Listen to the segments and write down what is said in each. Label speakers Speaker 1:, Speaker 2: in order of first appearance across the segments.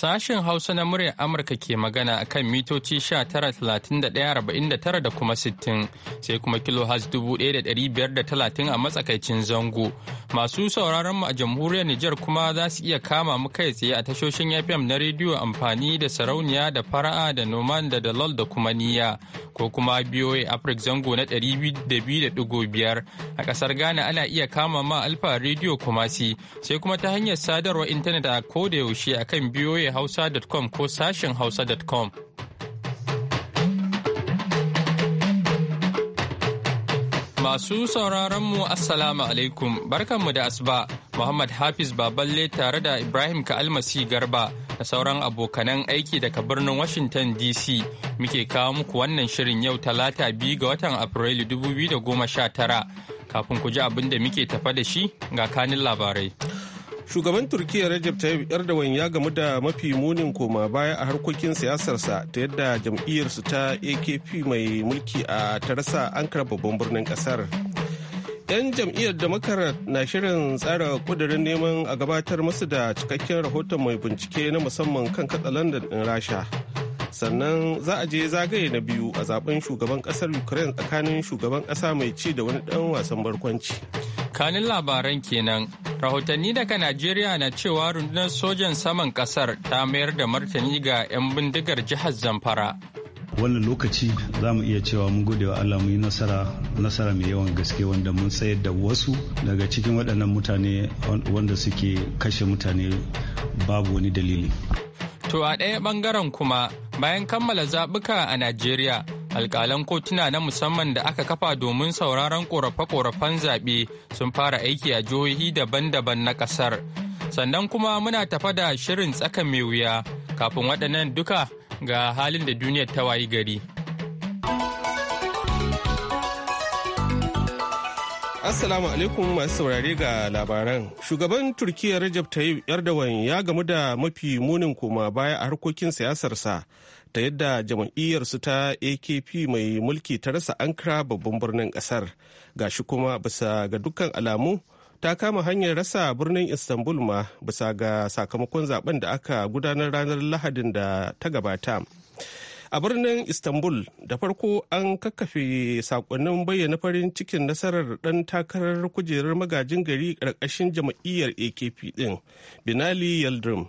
Speaker 1: Sashen Hausa na muryar Amurka ke magana a kan mitoci 19,31,49 da kuma 60 sai kuma kilo 1,530 a matsakaicin zango. Masu sauraron mu a jamhuriyar Nijar kuma za su iya kama mu kai tsaye a tashoshin FM na rediyo amfani da sarauniya da fara'a da noman da dalol da kuma niya ko kuma BOA Africa zango na 200.5 a kasar Ghana ana iya kama ma Alfa rediyo Kumasi sai kuma ta hanyar sadarwar intanet a kodayaushe a kan a Hausa.com ko sashen Hausa.com. Masu sauraron mu Assalamu alaikum barkanmu da asuba Muhammad Hafiz Baballe tare da Ibrahim Ka'almasi Garba da sauran abokanan aiki daga birnin Washington DC muke kawo muku wannan shirin yau talata biyu ga watan Afrilu 2019 kafin ku ji abin da muke tafa da shi ga kanin labarai.
Speaker 2: shugaban turkiyya rajab tayyip erdogan ya gamu da mafi munin koma baya a harkokin siyasarsa ta yadda jam'iyyarsu ta akp mai mulki a tarasa ankara babban birnin kasar yan jam'iyyar democrat na shirin tsara kudirin neman a gabatar masu da cikakken rahoton mai bincike na musamman kan katsa london rasha sannan za a je zagaye na biyu a zaben shugaban kasar ukraine tsakanin shugaban kasa mai ci da wani dan wasan barkwanci
Speaker 1: Kanin labaran kenan. Rahotanni daga Najeriya na cewa rundunar sojan saman kasar ta mayar da martani ga 'yan bindigar jihar Zamfara.
Speaker 3: wannan lokaci za mu iya cewa mun gode wa Allah mu yi nasara nasara mai yawan gaske wanda mun tsayar da wasu daga cikin waɗannan mutane wanda suke kashe mutane babu wani dalili.
Speaker 1: To a ɗaya ɓangaren kuma bayan kammala zaɓuka a Najeriya alkalan kotuna na musamman da aka kafa domin sauraron korafe-korafen zaɓe sun fara aiki a jihohi daban-daban na ƙasar sannan kuma muna tafa da shirin tsakan mai wuya kafin waɗannan duka ga halin da duniyar ta wayi gari
Speaker 2: Assalamu alaikum masu saurare ga labaran. Shugaban Turkiyya Rajab Tayyip Erdogan ya gamu da mafi munin koma baya a harkokin siyasarsa ta yadda jam'iyyarsu ta akp mai mulki ta rasa ankara babban birnin kasar gashi kuma bisa ga dukkan alamu ta kama hanyar rasa birnin istanbul ma bisa ga sakamakon zaben da aka gudanar ranar lahadin da ta gabata a birnin istanbul da farko an kakkafe sakonnin bayyana farin cikin nasarar dan takarar kujerar magajin gari karkashin jam'iyyar akp din binali yaldrim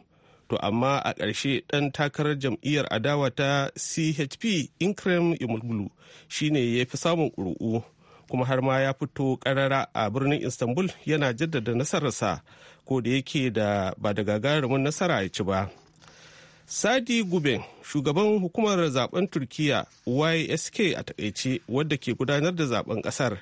Speaker 2: to amma a ƙarshe ɗan takarar jam'iyyar adawa ta chp inkrem shi ne ya fi samun ƙuri'u kuma har ma ya fito ƙarara a birnin istanbul yana jaddada nasararsa ko da yake da ba da gagarumin nasara ya ci ba sadi guben shugaban hukumar zaben turkiya ysk a takaice wadda ke gudanar da zaben kasar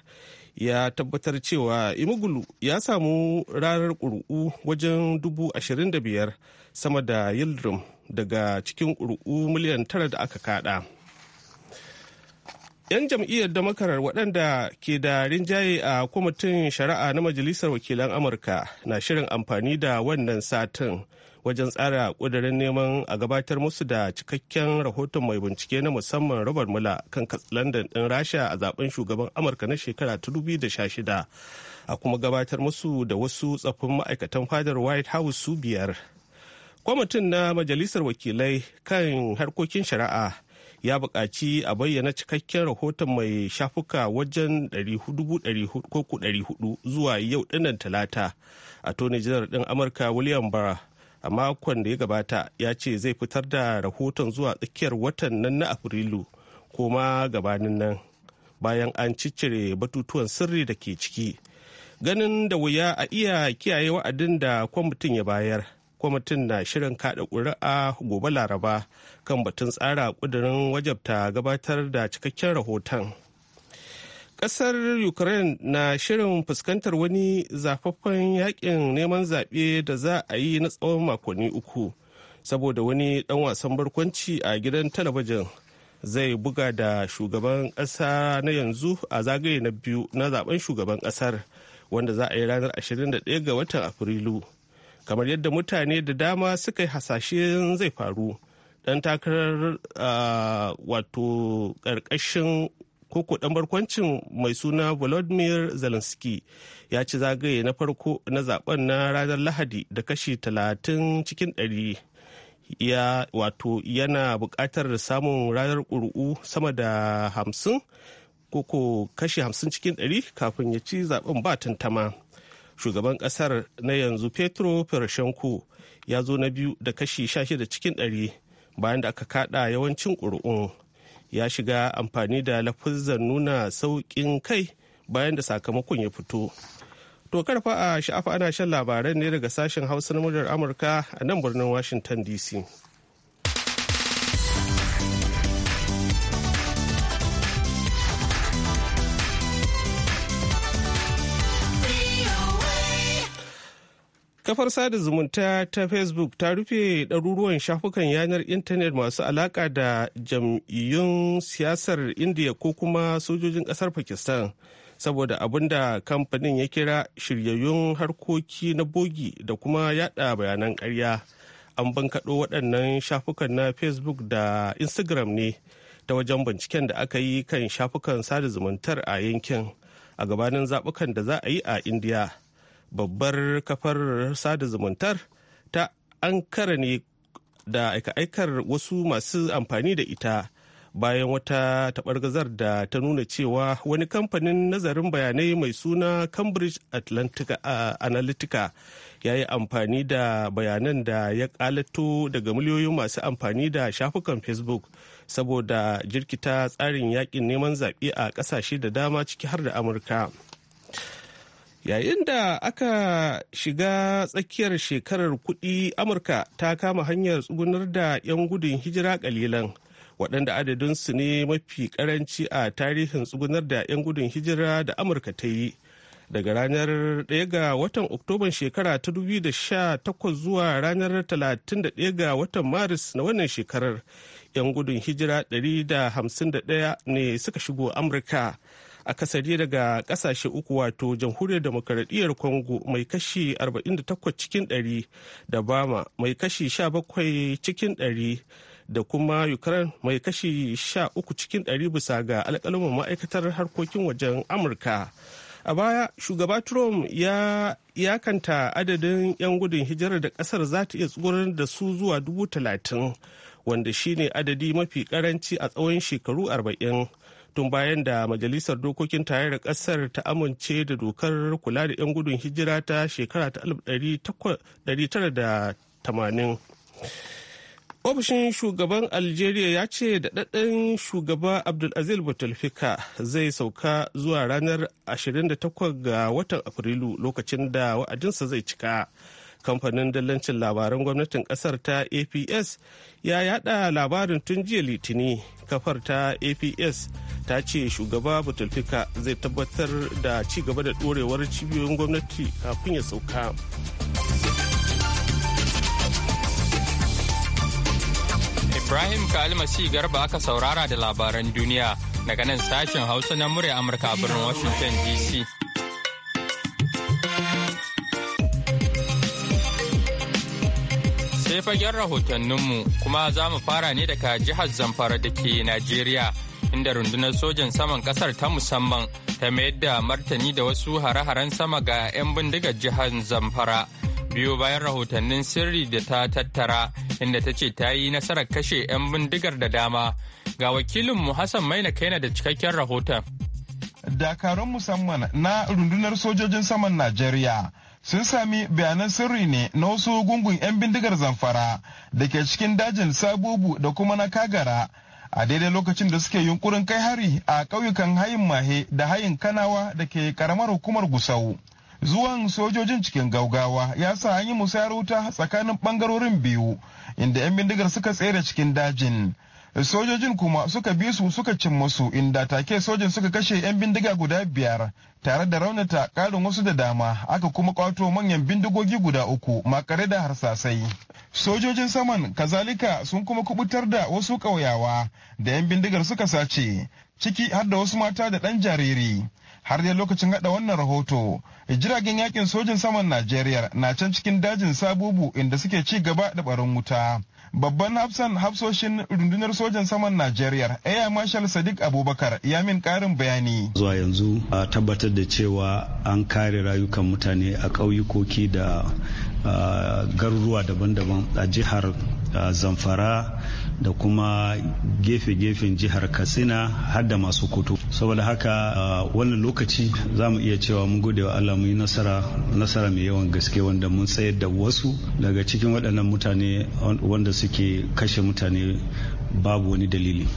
Speaker 2: ya tabbatar cewa imugulu ya samu ranar ƙuri'u wajen dubu ashirin da biyar sama da yildirim daga cikin ƙuri'u miliyan tara da aka kada yan jam'iyyar damakarar waɗanda ke da rinjaye a kwamitin shari'a na majalisar wakilan amurka na shirin amfani da wannan satin wajen tsara kudirin neman a gabatar musu da cikakken rahoton mai bincike na musamman robert mula kan katsalandan ɗin rasha a zaben shugaban amurka na shekara 2016 a kuma gabatar musu da wasu tsaffin ma'aikatan fadar white house su biyar kwamitin na majalisar wakilai kan harkokin shari'a ya buƙaci a bayyana cikakken rahoton mai shafuka wajen 400 zuwa yau dinnan talata a tony janar ɗin amurka william barr a makon da ya gabata ya ce zai fitar da rahoton zuwa tsakiyar watan nan na afrilu ko ma gabanin nan bayan an ciccire batutuwan sirri da ke ciki ganin da wuya a iya kiyaye wa'adin da kwamitin ya bayar kwamitin na shirin kada ƙuri'a gobe laraba kan batun tsara ƙudurin wajabta gabatar da cikakken rahoton Ƙasar Ukraine na shirin fuskantar wani zafaffen yakin neman zaɓe da za a yi na tsawon makonni uku saboda wani ɗan wasan barkwanci a gidan talabijin zai buga da shugaban ƙasa na yanzu a zagaye na biyu na zaben shugaban ƙasar wanda za a yi ranar 21 ga watan Afrilu. Kamar yadda mutane da dama suka yi hasashen zai faru. dan takarar ah, wato ƙarƙashin koko dan barkwancin mai suna volodymyr zelensky ya ci zagaye na farko na zaben na ranar lahadi da kashi 30 cikin 100 ya wato yana buƙatar samun ranar ƙuri'u sama da 50 koko kashi 50 cikin 100 kafin ya ci zaben ba tantama shugaban ƙasar na yanzu petro poroshenko ya zo na biyu da kashi 16 cikin 100 bayan da aka kada yawancin ƙuri'un ya shiga amfani da lafuzzan nuna sauƙin kai bayan da sakamakon ya fito to karfa a sha'afa ana shan labaran ne daga sashen hausa na muryar amurka a nan birnin washington dc kafar sada zumunta ta facebook ta rufe ɗaruruwan shafukan yanar intanet masu alaƙa da jam'iyyun siyasar indiya ko kuma sojojin ƙasar pakistan saboda abin da kamfanin ya kira shiryayyun harkoki na bogi da kuma yada bayanan karya an bankaɗo waɗannan shafukan na facebook da instagram ne ta wajen binciken da aka yi kan shafukan sada zumuntar a yankin a gabanin zaɓukan da za a yi a indiya babbar kafar sada zumuntar ta ankara ne da aika-aikar wasu masu amfani da ita bayan wata taɓargazar da ta nuna cewa wani kamfanin nazarin bayanai mai suna cambridge Atlantica, uh, analytica ya yi amfani da bayanan da ya ƙalato daga miliyoyin masu amfani da shafukan facebook saboda jirkita tsarin yakin neman zaɓe a ƙasashe da dama ciki har da amurka yayin da aka shiga tsakiyar shekarar kuɗi amurka ta kama hanyar tsugunar da 'yan gudun hijira kalilan waɗanda adadinsu ne mafi karanci a tarihin tsugunar da 'yan gudun hijira da amurka ta yi daga ranar 1 ga watan oktoban shekara ta 2018 zuwa ranar 31 ga watan maris na wannan shekarar 'yan gudun hijira 151 ne suka shigo amurka akasari daga kasashe uku wato jamhuriyar demokaradiyyar congo mai kashi 48 cikin 100 da bama mai kashi 17 cikin 100 da kuma ukraine mai kashi 13 cikin 100 bisa ga alkalamin ma'aikatar harkokin wajen amurka a baya shugaba trump ya kanta adadin 'yan gudun hijirar da kasar za ta iya tsoron da su zuwa dubu wanda shine adadi mafi karanci a tsawon shekaru tun bayan da majalisar dokokin tarayyar ƙasar ta amince da dokar kula da 'yan gudun hijira ta shekara ta 1980 ofishin shugaban algeria ya ce daɗaɗɗen shugaba abdulaziz bouteflika zai sauka zuwa ranar 28 ga watan afrilu lokacin da wa'adinsa zai cika kamfanin dallancin labaran gwamnatin Ƙasar ta aps ya yada labarin tun jiya litini kafar ta aps ta ce shugaba butulfika zai tabbatar da ci gaba da ɗorewar cibiyoyin gwamnati kafin ya sauka
Speaker 1: ibrahim kalima kalmasi garba aka saurara da labaran duniya daga nan sashen hausa na murya amurka a birnin washington dc sai fagen rahotanninmu kuma za mu fara ne daga jihar zamfara da ke najeriya inda rundunar sojan saman kasar ta musamman ta mayar da martani da wasu hare-haren sama ga 'yan bindigar jihar zamfara biyo bayan rahotannin sirri da ta tattara inda ta ce ta yi nasarar kashe 'yan bindigar da dama ga wakilinmu hassan maina kaina da cikakken rahoton
Speaker 4: dakarun musamman na rundunar sojojin saman najeriya sun sami bayanan sirri ne na wasu gungun 'yan bindigar zamfara da ke cikin dajin sabubu da kuma na kagara a daidai lokacin da suke yunkurin kai hari a ƙauyukan hayin mahe da hayin kanawa da ke karamar hukumar gusau zuwan sojojin cikin gaugawa ya sa an yi musayar wuta tsakanin ɓangarorin biyu inda 'yan bindigar suka tsere cikin dajin sojojin kuma suka bi su suka cin musu inda take sojin suka kashe 'yan bindiga guda biyar tare da raunata karin wasu da dama aka kuma kwato manyan bindigogi guda uku makare da harsasai sojojin saman kazalika sun kuma kubutar da wasu ƙauyawa da 'yan bindigar suka sace ciki har da wasu mata da ɗan jariri har da lokacin hada wannan rahoto jiragen yakin sojin saman najeriya na can cikin dajin sabubu inda suke ci gaba da barin wuta Babban hafsan hafsoshin rundunar sojan saman Najeriya, Air Marshal Sadiq Abubakar ya min karin bayani. Zuwa
Speaker 3: yanzu a tabbatar da cewa an kare rayukan mutane a ƙauyukoki da garuruwa daban-daban a jihar Zamfara. da kuma gefe-gefen jihar katsina har da masu kutu saboda haka wannan lokaci za mu iya cewa mun gode wa allah mu yi nasara nasara mai yawan gaske wanda mun tsayar da wasu daga cikin waɗannan mutane wanda suke kashe mutane babu wani dalili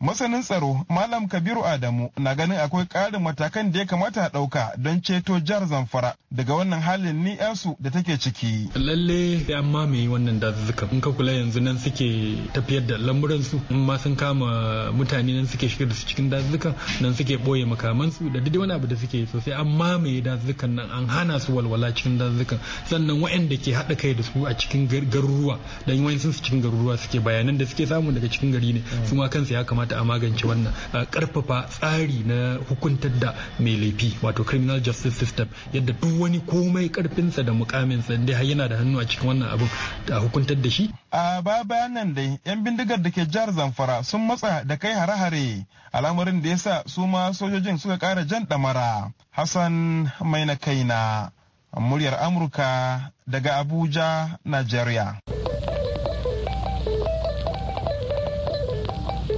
Speaker 4: masanin tsaro malam kabiru adamu na ganin akwai ƙarin matakan da ya kamata a ɗauka don ceto jihar zamfara daga wannan halin ni su da take ciki
Speaker 5: lalle an mamaye wannan dazuzzuka in ka kula yanzu nan suke tafiyar da lamuran su in ma sun kama mutane nan suke shigar da su cikin dazuzzuka nan suke ɓoye makaman su da duk wani abu da suke so sai an mamaye dazuzzukan nan an hana su walwala cikin dazuzzukan sannan waɗanda ke haɗa kai da su a cikin garuruwa dan sun su cikin garuruwa suke bayanan da suke samu daga cikin gari ne su hmm. ma kansu ya kamata a magance wannan karfafa tsari na hukuntar da mai laifi wato criminal justice system yadda duk wani komai karfinsa da mukaminsa
Speaker 4: dai yana da hannu a cikin wannan abin a hukuntar da shi a baya bayan nan dai yan bindigar da ke jihar zamfara sun matsa da kai hare-hare al'amarin da yasa su ma sojojin suka kara jan damara hassan mai na kaina muryar amurka daga abuja nigeria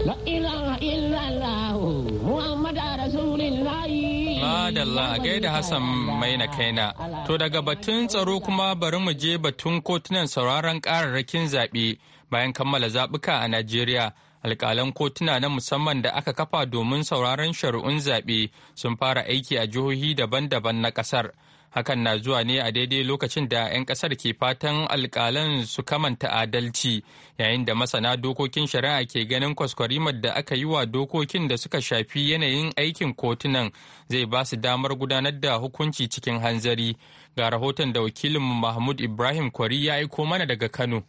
Speaker 4: La
Speaker 1: a gaida Hassan Maina Kaina. To daga batun tsaro kuma bari mu je batun kotunan sauraron kararrakin zaɓe bayan kammala zaɓuka a Najeriya. Alƙalan kotuna na musamman da aka kafa domin sauraron shari'un zaɓe sun fara aiki a jihohi daban-daban na ƙasar. hakan na zuwa ne a daidai lokacin da 'yan kasar ke fatan alkalan su kamanta adalci yayin da masana dokokin shari'a ke ganin kwaskwarimar da aka yi wa dokokin da suka shafi yanayin aikin kotunan zai ba su damar gudanar da hukunci cikin hanzari ga rahoton da wakilin mahmud ibrahim kwari ya aiko mana daga kano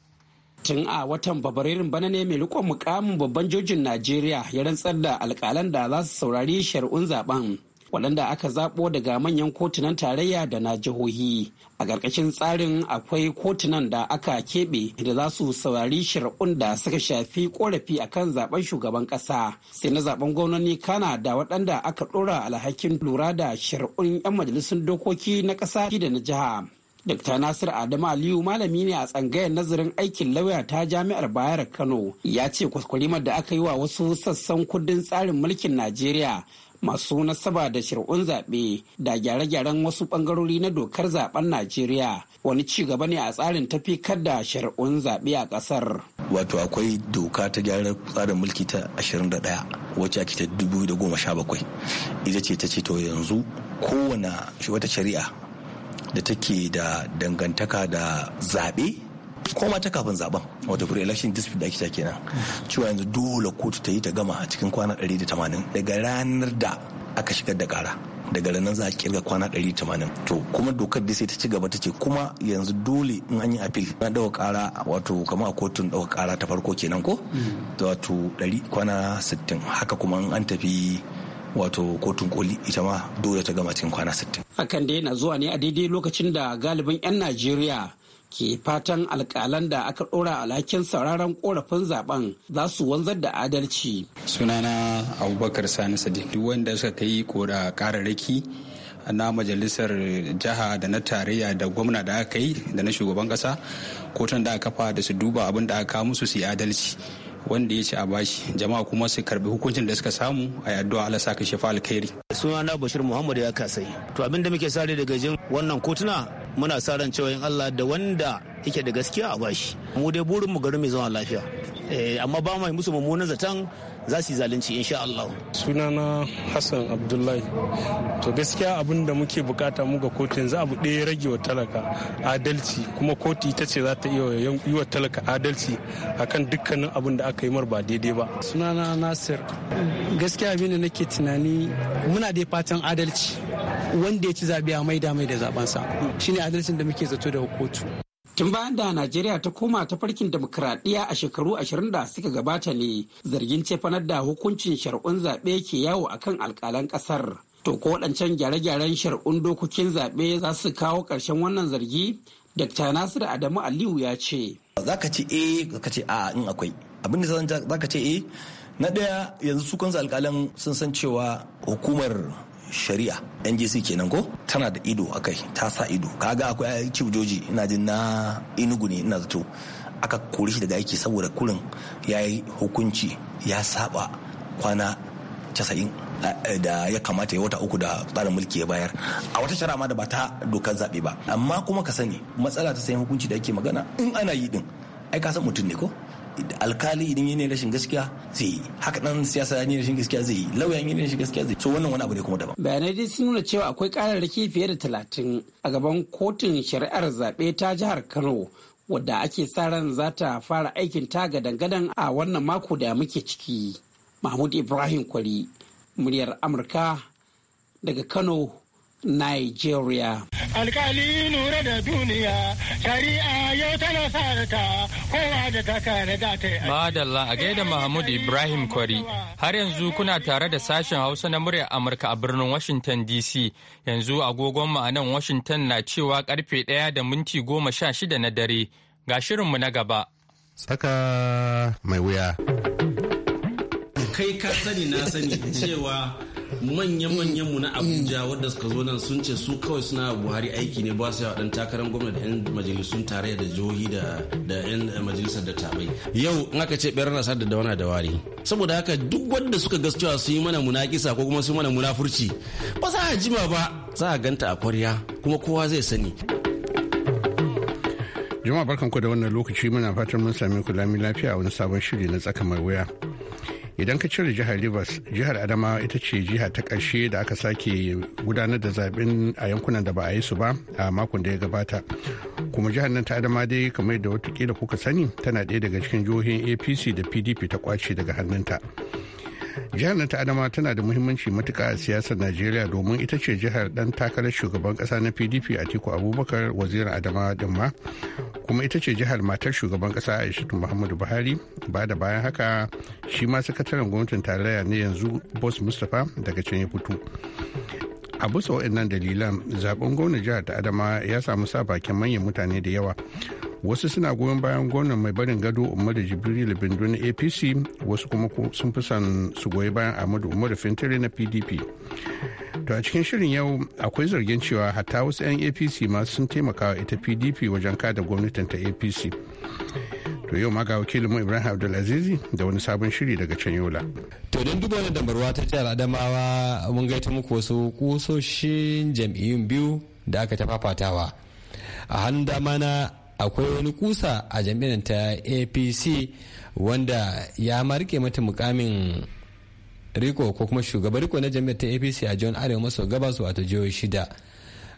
Speaker 6: tun a watan fabrairun bana ne mai rikon mukamin babban jojin najeriya ya rantsar da alkalan da za su saurari shari'un zaben waɗanda aka zaɓo daga manyan kotunan tarayya da na jihohi a ƙarƙashin tsarin akwai kotunan da aka keɓe da za su saurari shari'un da suka shafi korafi akan zaben shugaban ƙasa sai na zaben gwamnoni kana da waɗanda aka ɗora alhakin lura da shari'un 'yan majalisun dokoki na ƙasa da na jiha Dr. Nasir Adamu Aliyu malami ne a tsangayar nazarin aikin lauya ta Jami'ar Bayar Kano ya ce kwaskwarimar da aka yi wa wasu sassan kudin tsarin mulkin Najeriya masu nasaba da shir'un zaɓe da gyare-gyaren wasu ɓangarori na dokar zaben Najeriya wani ci gaba ne a tsarin tafi da shir'un zaɓe a ƙasar.
Speaker 7: Wato akwai doka ta gyaran tsarin mulki ta 21 wacce ake ta 2017 ita ce ta ce to yanzu kowane wata shari'a da take da dangantaka da zaɓe koma ta kafin zaben wato pre election dispute da ake ta kenan cewa yanzu dole kotu ta yi ta gama a cikin kwana 180 daga ranar da aka shigar da kara daga ranar za a kirga kwana 180 to kuma dokar da sai ta ci gaba ta ce kuma yanzu dole in an yi appeal na dawa kara wato kama a kotun dawa kara ta farko kenan ko mm. wato 100 kwana 60 haka kuma an tafi wato kotun koli ita ma dole ta gama cikin kwana 60
Speaker 6: hakan dai na zuwa ne a daidai lokacin da galibin 'yan najeriya ke fatan alkalan da aka ɗora alhakin sauraron korafin zaben za su wanzar da adalci.
Speaker 5: sunana abubakar sani sadi duk wanda suka kai kora kararraki na majalisar jiha da na tarayya da gwamna da aka yi da na shugaban kasa kotun da aka kafa da su duba abin da aka musu su yi adalci wanda ya ci a bashi jama'a kuma su karbi hukuncin da suka samu a addu'a ala sa ka shafa alkhairi
Speaker 7: sunana bashir muhammad ya kasai to abin da muke sare daga jin wannan kotuna muna sa ran cewa in Allah da wanda yake da gaskiya a bashi mu dai burin mu garin mai zama lafiya eh, amma ba mai
Speaker 3: musu mummunan zaton za su yi zalunci insha Allah sunana Hassan Abdullahi to gaskiya abin da muke bukata mu ga kotu yanzu abu ɗaya rage wa talaka adalci kuma kotu ita ce za ta yi wa talaka adalci akan dukkanin abin da aka yi mar ba daidai ba sunana Nasir gaskiya abin da nake tunani muna da fatan
Speaker 6: adalci wanda ya ci zaɓe a maida mai da zaɓensa shine adalcin da muke zato da kotu tun bayan da najeriya ta koma ta farkin demokuraɗiyya a shekaru ashirin da suka gabata ne zargin cefanar da hukuncin sharun zaɓe ke yawo akan alƙalan ƙasar to ko waɗancan gyare-gyaren sharun dokokin zaɓe za su kawo ƙarshen wannan zargi Dr.
Speaker 7: Nasiru Adamu Aliyu ya ce. Za ka ce eh ka ce a in akwai. Abin da za ka ce eh na ɗaya yanzu su kansu alƙalan sun san cewa hukumar shari'a ngc kenan ko tana da ido a kai ta sa ido kaga akwai chief joji ina jin na inugu ne ina zato aka kori shi daga aiki saboda kurin ya yi hukunci ya saba kwana casa'in eh, da ya kamata ya wata uku da tsarin mulki ya bayar a wata shara ma da ba ta dokar zaɓe ba amma kuma ka sani matsala ta sayan hukunci da ake magana in ana yi din ai ka san mutum ne ko alkali idan yana rashin gaskiya zai yi haka dan siyasa yana rashin gaskiya zai yi lauya yana rashin gaskiya zai yi so wannan wani abu ne kuma daban
Speaker 6: bayanai dai sun nuna cewa akwai kararraki fiye da talatin a gaban kotun shari'ar zaɓe ta jihar kano wadda ake sa ran za ta fara aikin ta gadan-gadan a wannan mako da muke ciki mahmud ibrahim kwari muryar amurka daga kano Nigeria.
Speaker 1: Alkali nura da duniya,
Speaker 5: shari'a yau tana sarata kowa da ta kare da ta yi.
Speaker 1: Madalla a gaida Mahmud Ibrahim Kwari, har yanzu kuna tare da sashen Hausa na muryar Amurka a birnin Washington DC. Yanzu agogon mu a nan Washington na cewa karfe ɗaya da minti goma sha shida na dare. Ga shirinmu na gaba.
Speaker 8: Tsaka mai wuya.
Speaker 3: Kai ka sani na sani cewa manya-manyan mu na abuja wadda suka zo nan sun ce su kawai suna buhari aiki ne ba su yawa dan takarar gwamnati da 'yan majalisun tarayya da jihohi da 'yan majalisar da tabai yau in aka ce bayar nasar da dawana da wari saboda haka duk wanda suka ga cewa su yi mana munakisa ko kuma sun mana munafurci ba za a jima ba za a ganta a kwarya kuma kowa zai sani
Speaker 8: jama'a barkanku da wannan lokaci muna fatan mun sami ku lami lafiya wani sabon shiri na tsaka mai wuya idan ka cire jihar rivers jihar adama ita ce jiha ta ƙarshe da aka sake gudanar da zaben a yankunan da ba a yi su ba a makon da ya gabata kuma jihar nan ta adama dai kamar da watakila kuka sani tana ɗaya daga cikin jihohin apc da pdp ta kwace daga hannunta jihar nan ta adama tana da muhimmanci matuka a siyasar najeriya domin ita ce jihar dan takarar shugaban ƙasa na pdp atiku abubakar wazirin adama din ma kuma ita ce jihar matar shugaban kasa aishatu muhammadu buhari ba da bayan haka shi ma sakataren gwamnatin tarayya ne yanzu boss mustapha daga can ya fito a bisa waɗannan dalilan zaben gwamnan jihar ta adama ya samu sa bakin manyan mutane da yawa wasu suna goyon bayan gwamnan mai barin gado umar da jibril bindu na apc wasu kuma sun fi son su goyi bayan ahmadu umar fintiri na pdp to a cikin shirin yau akwai zargin cewa hatta wasu 'yan apc masu sun taimakawa ita pdp wajen kada gwamnatin ta apc to yau ma ga wakilinmu ibrahim abdulazizi da wani sabon shiri daga can yola to don duba wani damarwa ta jihar
Speaker 5: adamawa mun gaita
Speaker 8: muku wasu
Speaker 5: kusoshin jam'iyyun biyu da aka ta a hannun dama na akwai wani kusa a jam'iyyar ta apc wanda ya marke mata mukamin riko ko kuma shugaban riko na jam'iyyar ta apc a john arewa maso gabas wato jihohi shida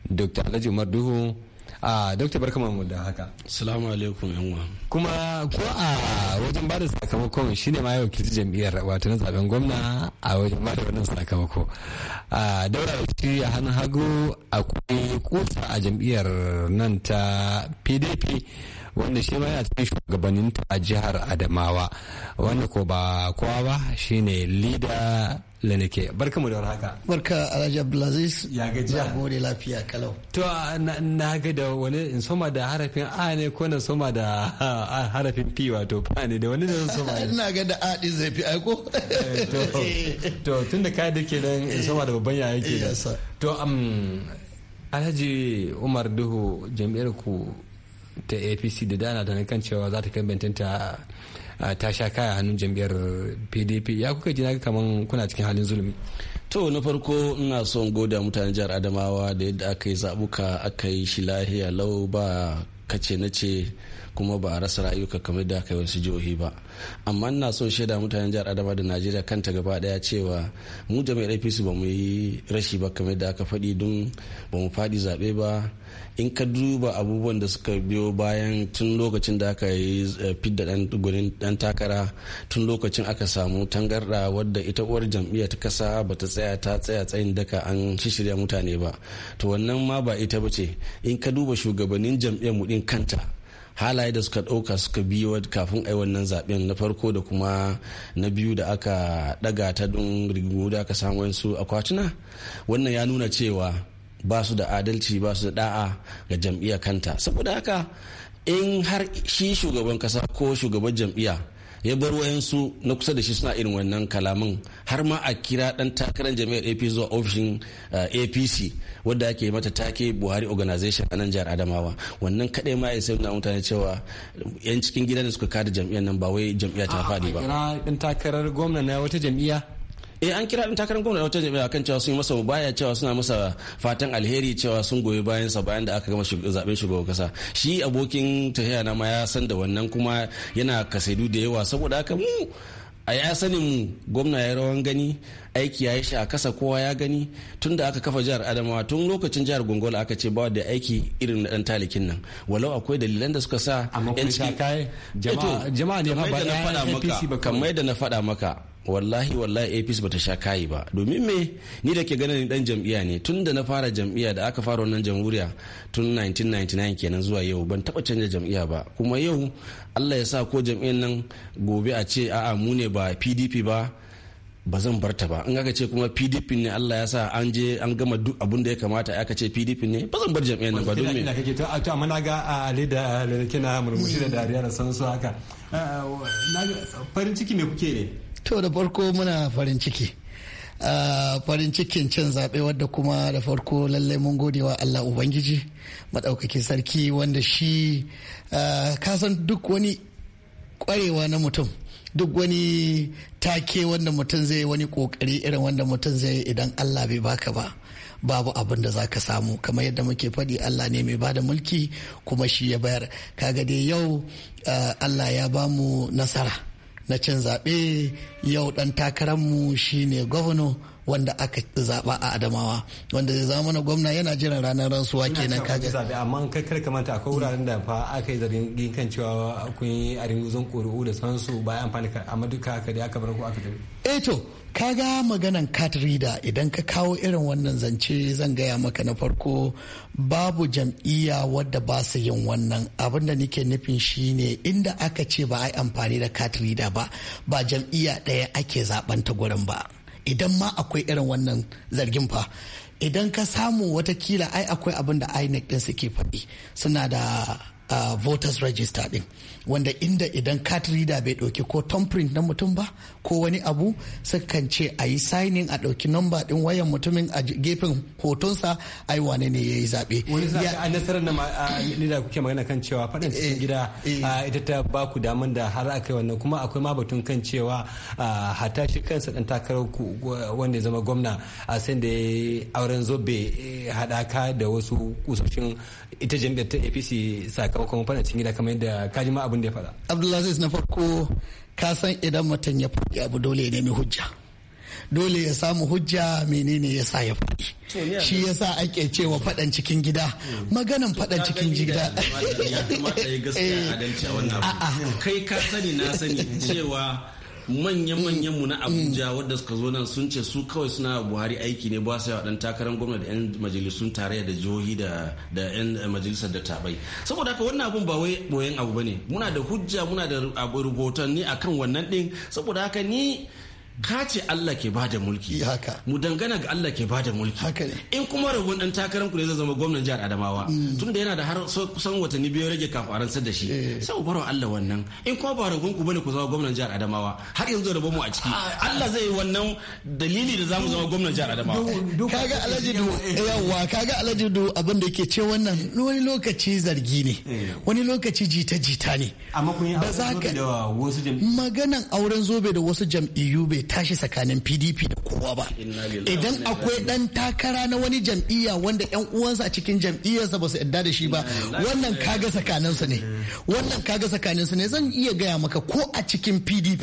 Speaker 5: dr alhaji umar duhu a dr barkama da haka
Speaker 3: salamu alaikum yanwa
Speaker 5: kuma ko a wajen bada sakamakon shine ma yau kirti jam'iyyar wato na zaben gwamna a wajen bada wannan sakamako a daura da shi a hannun hagu akwai kusa a jam'iyyar nan ta pdp wanda shi ma yana cikin shugabannin ta a jihar adamawa wanda ko ba kowa ba shine leader Lenike
Speaker 9: barka mu da haka. barka Alhaji Abdulaziz ya ya gode lafiya kalau
Speaker 5: to na ga da wani in soma da harafin A ne ko na soma da harafin P wato P ne da wani zan soma ina ga da A din zai fi aiko eh, to tunda ka da ke nan in soma da babban yaya ke to am Alhaji Umar Duhu jami'ar ku ta apc da dana da kan cewa za ta kai bentanta ta sha kaya hannun jam'iyyar pdp ya kuka ji kamar kuna cikin halin zulumi
Speaker 3: to na farko ina son goda mutanen jihar adamawa da yadda aka yi zabuka aka yi shi lahiya lau ba kace na ce kuma ba a rasa ra'ayuka kamar da aka yi wasu jihohi ba amma ina so shaida mutanen jihar adama da najeriya kanta gaba daya cewa mu jami'ar apc ba mu yi rashi ba kamar da aka faɗi don ba mu faɗi zaɓe ba in ka duba abubuwan da suka biyo bayan tun lokacin da aka yi eh, fidda dan gurin dan takara tun lokacin aka samu tangarda wadda ita uwar jam'iyyar ta kasa ba ta tsaya ta tsaya tsayin daka an shishirya mutane ba to wannan ma ba ita ba ce in ka duba shugabannin jam'iyyar mu din kanta halaye da suka ɗauka suka bi kafin a yi wannan zaben na farko da kuma na biyu da aka ɗaga ta don rigingimu da aka samu su akwatuna wannan ya nuna cewa ba su da adalci ba su da da'a ga jam'iyyar kanta saboda haka in har shi shugaban kasa ko shugaban jam'iyya ya bar wayansu na kusa da shi suna irin wannan kalaman har ma a kira dan takarar jami'ar ap zuwa ofishin uh, apc wadda ake mata take buhari organization a nan jihar adamawa wannan kadai ma ya sai na mutane cewa yan cikin gida da suka kada jam'iyyar nan ba wai jam'iyya ta fadi ba
Speaker 7: dan
Speaker 5: takarar gwamna na wata jami'a.
Speaker 3: eh an kira din takarar gwamna wata jami'a kan cewa sun yi masa baya cewa suna masa fatan alheri cewa sun goyi bayan sa bayan da aka gama zaben shugaban kasa shi abokin tahiya na ma ya san da wannan kuma yana kasaidu da yawa saboda haka mu a ya sanin mu gwamna ya rawan gani aiki ya yi shi a kasa kowa ya gani tun da aka kafa jihar adamawa tun lokacin jihar gongola aka ce ba da aiki irin na dan talikin nan walau akwai dalilan da suka sa yan ciki eh, jama'a ne ba da na faɗa maka kamar da na faɗa maka wallahi wallahi apis bata sha kayi ba domin me ni da ke ganin dan jam'iyya ne tun da na fara jam'iyya da aka fara wannan jamhuriya tun 1999 kenan zuwa yau ban taba canja jam'iyya ba kuma yau allah ya sa ko jam'iyyar nan gobe a ce a'a mu ne ba pdp ba ba zan bar ta ba in aka ce kuma pdp ne allah ya sa an je an gama duk abin da ya kamata aka ce pdp ne ba zan bar jam'iyyar nan ba don me kake to a mana ga
Speaker 5: a da kina murmushi da dariya da san haka eh, farin ciki me kuke ne
Speaker 9: to da farko muna farin ciki ah, farin cikin cin zaɓe wadda kuma da farko lallai mun gode wa Allah Ubangiji maɗaukaki sarki wanda shi ah, kasan duk wani ƙwarewa na mutum duk wani take wanda mutum zai wani ƙoƙari irin wanda mutum zai idan Allah bai baka ba. babu abin da za ka samu kamar yadda muke faɗi allah ne mai bada mulki kuma shi ya bayar kaga dai yau ah, allah ya bamu nasara na cin zaɓe yau ɗan takararmu shine gwamna wanda aka zaba a adamawa wanda zai zama mana gwamna yana jiran ranar rantsuwa kenan kaga zabe amma kai kar kamanta akwai wuraren da fa
Speaker 5: aka yi zargin kan cewa kun yi arin ringuzon ƙuri'u da sansu bayan amfani ka amma duka aka da aka bar ku aka tafi
Speaker 9: eh to kaga maganan cat reader idan ka kawo irin wannan zance zan gaya maka na farko babu jam'iyya wadda ba su yin wannan abin da nake nufin shine inda aka ce ba a yi amfani da cat reader ba ba jam'iyya ɗaya ake zaɓanta gurin ba idan ma akwai irin wannan zargin fa idan ka samu watakila ai akwai abin da inec din suke faɗi suna da ah, voters register din wanda inda idan card reader bai ɗauki ko thumbprint na mutum ba ko wani abu sukan ce a yi signing a dauki namba ɗin wayan mutumin a gefen hotonsa yi wane ne ya yi zaɓe. wani zaɓe
Speaker 5: a nasarar na da kuke magana kan cewa faɗin cikin gida eh, eh. ita ta ba ku daman da har a kai wannan kuma akwai ma batun kan cewa hata shi kansa ɗan takarar ku wanda ya zama gwamna a sai da auren zobe eh, haɗaka da wasu kusoshin ita jami'ar ta apc sakamakon
Speaker 9: faɗin cikin gida kamar yadda kajima abin da ya faɗa. Abdulaziz na farko ka san idan mutum ya faɗi abu dole ya nemi hujja. Dole ya samu hujja menene ya sa ya faɗi. Shi ya sa ake cewa faɗan cikin gida. Hmm. Maganan faɗan cikin gida.
Speaker 3: Eh. Kai ka sani na sani cewa manyan-manyan mu na mm. abuja wadda suka zo nan sun ce su kawai suna buhari aiki ne ba su yawa dan takarar gwamnati da 'yan majalisun tarayya da jihohi da 'yan majalisar da tabai saboda haka wannan abun ba wai boyen abu bane muna da hujja muna da rubutanni akan wannan din saboda haka ni ka ce Allah ke bada mulki mu dangana ga Allah ke bada mulki in kuma rabon dan takarar ku ne zai zama gwamnan jihar Adamawa mm. tunda yana da har kusan watanni biyu rage kafin a da shi eh. sai ku baro Allah wannan in kuma ba rabon ku bane ku zama gwamnan jihar Adamawa har yanzu rabon mu a ciki ah. Allah zai yi wannan dalili da zamu zama gwamnan jihar Adamawa
Speaker 9: kaga Alhaji Du yawa kaga Alhaji Du abin da yake ce wannan wani lokaci zargi ne eh. wani lokaci jita jita ne amma kun yi da wasu maganan auren zobe da wasu jam'iyyu bai tashi tsakanin pdp da kowa
Speaker 3: ba idan akwai
Speaker 9: dan takara na wani jam'iyya wanda yan uwansa a cikin jam'iyyarsa ba su yadda da shi ba wannan kaga tsakaninsu ne wannan kaga tsakaninsu ne zan iya gaya maka ko a cikin pdp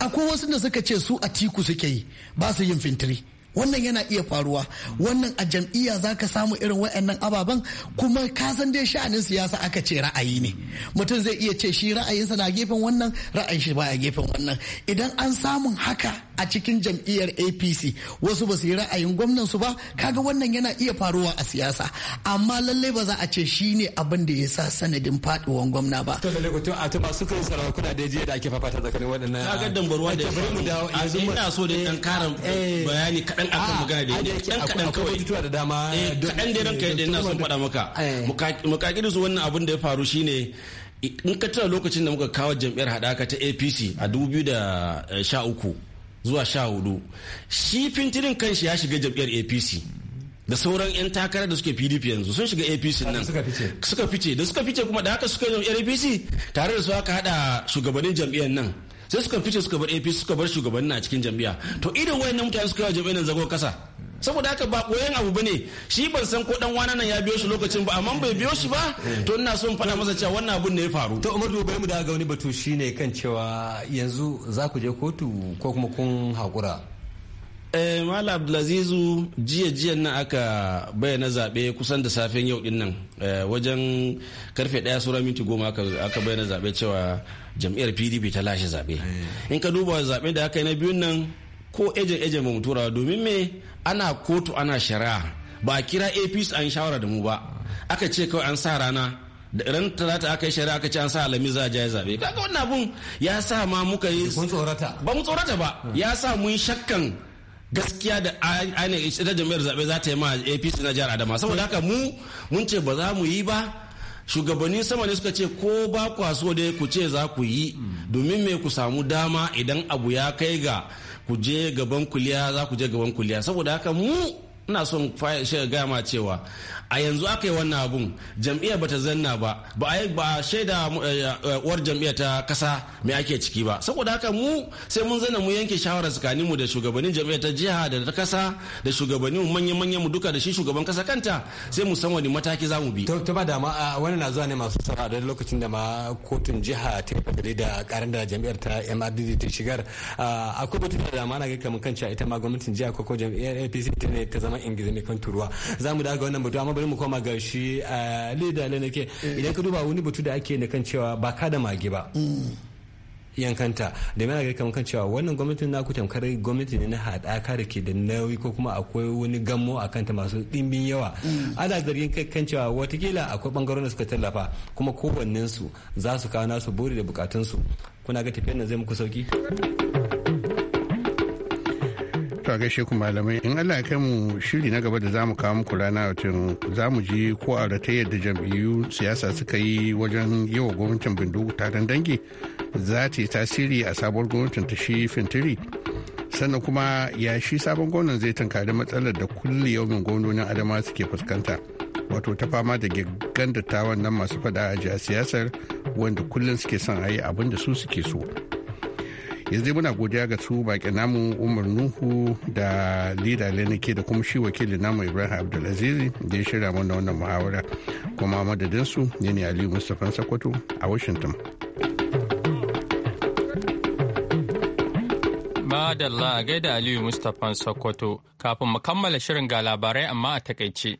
Speaker 9: akwai wasu da suka ce su a tiku suke yi ba su yin fintiri wannan yana iya faruwa wannan a jam'iyya za ka samu irin wa'annan ababen kuma ka san dai sha'anin siyasa aka ce ra'ayi ne mutum zai iya ce shi ra'ayinsa na gefen wannan ra'ayin shi baya gefen wannan idan an samun haka a cikin jam'iyyar apc wasu ba su yi ra'ayin gwamnan su ba kaga wannan yana iya faruwa a siyasa amma lallai ba za a ce shi ne abin da ya sa sanadin faduwan gwamna ba to
Speaker 5: da lokacin a tuba suka yi sarakuna da jiya da ake fafata tsakanin waɗannan kaga dambarwa da yanzu ina so da dan karan eh. bayani kaɗan akan ah, magana da yake dan kaɗan kawai
Speaker 3: tuwa da dama eh, kaɗan da ranka da ina son faɗa maka eh. mukakidu su wannan abin da ya faru shine in ka tuna lokacin da muka kawo jam'iyyar hadaka ta apc a 2013 zuwa sha hudu shi fintirin kanshi ya shiga jam'iyyar apc da sauran 'yan takarar da suke pdp yanzu sun shiga apc nan suka fice da suka fice kuma da haka suka jam'iyyar apc tare da su haka hada shugabannin jam'iyyar nan sai suka fice suka bar apc suka bar shugabannin a cikin jam'iyya to irin wayannan mutane suka yi jam'iyyar nan zagon kasa saboda haka ba koyan abu ba ne shi ban san ko dan wana nan ya biyo shi lokacin ba amma bai biyo shi ba to ina so in faɗa masa cewa wannan abun ne ya faru to Umar dubai mu da ga wani batu shine kan cewa yanzu za ku je kotu
Speaker 5: ko kuma kun hakura
Speaker 3: Eh, Malam Mala Abdulazizu jiya jiyan nan aka bayyana zaɓe kusan da safen yau din nan eh, wajen karfe ɗaya sura minti goma aka bayyana zaɓe cewa jam'iyyar PDP ta lashe zaɓe. Eh. In ka duba zaɓe da aka yi na biyun nan ko ejen ejen ba mu domin me ana kotu ana shari'a ba a kira APC an shawara da mu ba aka ce kawai an sa rana da ran talata aka yi shari'a aka ce an sa alami za a ja zabe kaga wannan abun ya sa ma muka yi ba mu tsorata ba ya sa mun shakkan gaskiya da ainihin ita jami'ar zaɓe za ta yi ma apc na jihar adama saboda haka mu mun ce ba za mu yi ba shugabanni sama ne suka ce ko ba kwa so dai ku ce za ku yi domin me ku samu dama idan abu ya kai ga ku je gaban kuliya za ku je gaban kuliya saboda haka mu ina son shiga gama cewa a yanzu aka yi wannan abun jam'iyyar bata zanna ba ba a ba shaida eh, eh, uwar jam'iyyar ta kasa me ake ciki ba saboda haka mu sai mun zanna mu yanke shawara tsakanin mu da shugabannin jam'iyyar ta jiha da ta kasa da shugabannin manyan manyan mu duka da shi shugaban kasa kanta sai mu san wani mataki za mu bi to ba da ma wani na zuwa ne masu sara da
Speaker 5: lokacin da ma kotun jiha ta fadari da karin da jam'iyyar ta MRDD ta shigar akwai batun da dama na ga kamar kanta ita ma gwamnatin jiha ko ko jam'iyyar APC ta ne ta zama malaman ingilishi ne turuwa za mu daga wannan batu amma bari mu koma ga shi eh, leda nake idan ka duba wani batu da ake ne kan cewa ba ka da mage ba yankanta da mai gari kan cewa wannan gwamnatin naku tamkar gwamnati ne na haɗaka da ke da nauyi ko kuma akwai wani gammo a kanta masu dimbin yawa ana zargin kan cewa watakila akwai ɓangarorin da suka tallafa kuma kowannen su za su kawo nasu buri da bukatunsu kuna ga tafiyar nan zai muku sauki.
Speaker 8: a gaishe ku malamai in Allah ya kai mu shiri na gaba da za mu kawo muku rana watan za mu ji ko a rata yadda jam'iyyu siyasa suka yi wajen yawa gwamnatin bindigu taron dangi za ta yi tasiri a sabuwar gwamnatin ta shi fintiri sannan kuma ya shi sabon gwamnan zai tunkari matsalar da kulle yaumin gwamnonin adama suke fuskanta wato ta fama da gaggan dattawan nan masu fada a siyasar wanda kullum suke son a yi abin da su suke so yanzu muna godiya ga su baƙi namu umar nuhu da lida lenike da kuma shi wakilin namu ibrahim abdulaziz da ya shirya mana wannan muhawara kuma madadinsu ne ne aliyu mustapha sakwato a washington
Speaker 1: Madalla a gaida Aliyu Mustapha Sokoto kafin mu kammala shirin ga labarai amma a takaice.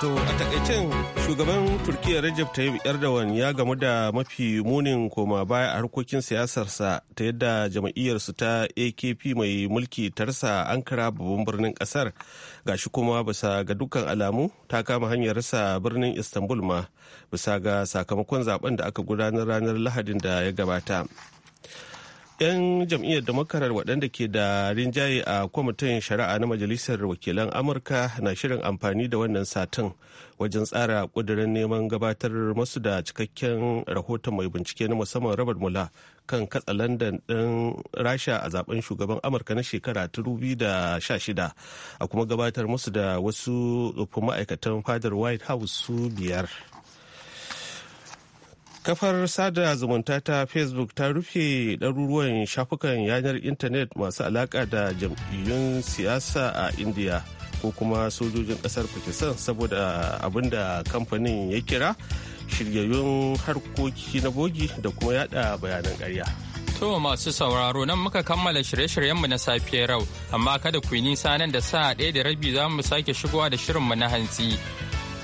Speaker 2: To a takaicen shugaban Turkiyya Recep Tayyip Erdogan ya gamu da mafi munin koma baya a harkokin siyasarsa ta yadda jama'iyyarsu ta AKP mai mulki tarsa Ankara babban birnin kasar gashi kuma bisa ga dukkan alamu ta kama hanyarsa birnin Istanbul ma bisa ga sakamakon zaben da aka gudanar ranar Lahadin da ya gabata. 'yan jam'iyyar damakarar waɗanda ke da rinjaye a kwamitin shari'a na majalisar wakilan amurka na shirin amfani da wannan satin wajen tsara ƙudurin neman gabatar masu da cikakken rahoton mai bincike na musamman rabar mula kan katsa landan ɗin rasha a zaben shugaban amurka na shekara ta a kuma gabatar masu da wasu tsoffin ma'aikatan fadar white house su biyar kafar sada zumunta ta facebook ta rufe ɗaruruwan shafukan yanar intanet masu alaƙa da jam'iyyun siyasa a india ko kuma sojojin ƙasar pakistan saboda abin da kamfanin ya kira shiryayyun harkoki na bogi da kuma yada bayanan karya.
Speaker 1: To masu sauraro nan muka kammala shirye-shiryenmu na safiyar yau, amma kada ku yi nisa nan da sa ɗaya da rabi za mu sake shigowa da shirinmu na hantsi.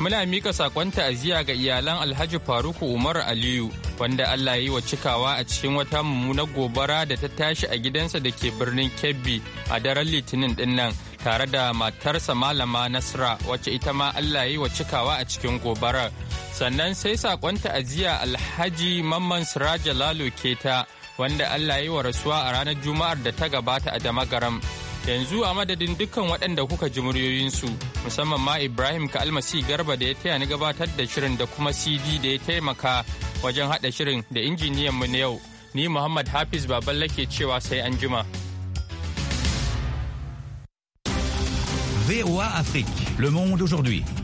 Speaker 1: muna mika sakon ta'aziyya ga iyalan alhaji faruku umar aliyu wanda allah yi wa cikawa a cikin wata mummunar gobara da ta tashi a gidansa da ke birnin kebbi a daren litinin dinnan tare da matarsa malama nasra wacce ita ma allah yi wa cikawa a cikin gobarar sannan sai sakon ta'aziyya alhaji mamman siraja lalo keta wanda allah yi wa rasuwa a ranar juma'ar da ta gabata a damagaram yanzu a madadin dukkan waɗanda kuka ji muryoyinsu musamman ma ibrahim ka almasi garba da ya taya ni gabatar da shirin da kuma cd da ya taimaka wajen haɗa shirin da injiniyan mu na yau ni muhammad hafiz baballe ke cewa sai an jima
Speaker 4: VOA Afrique, le monde aujourd'hui.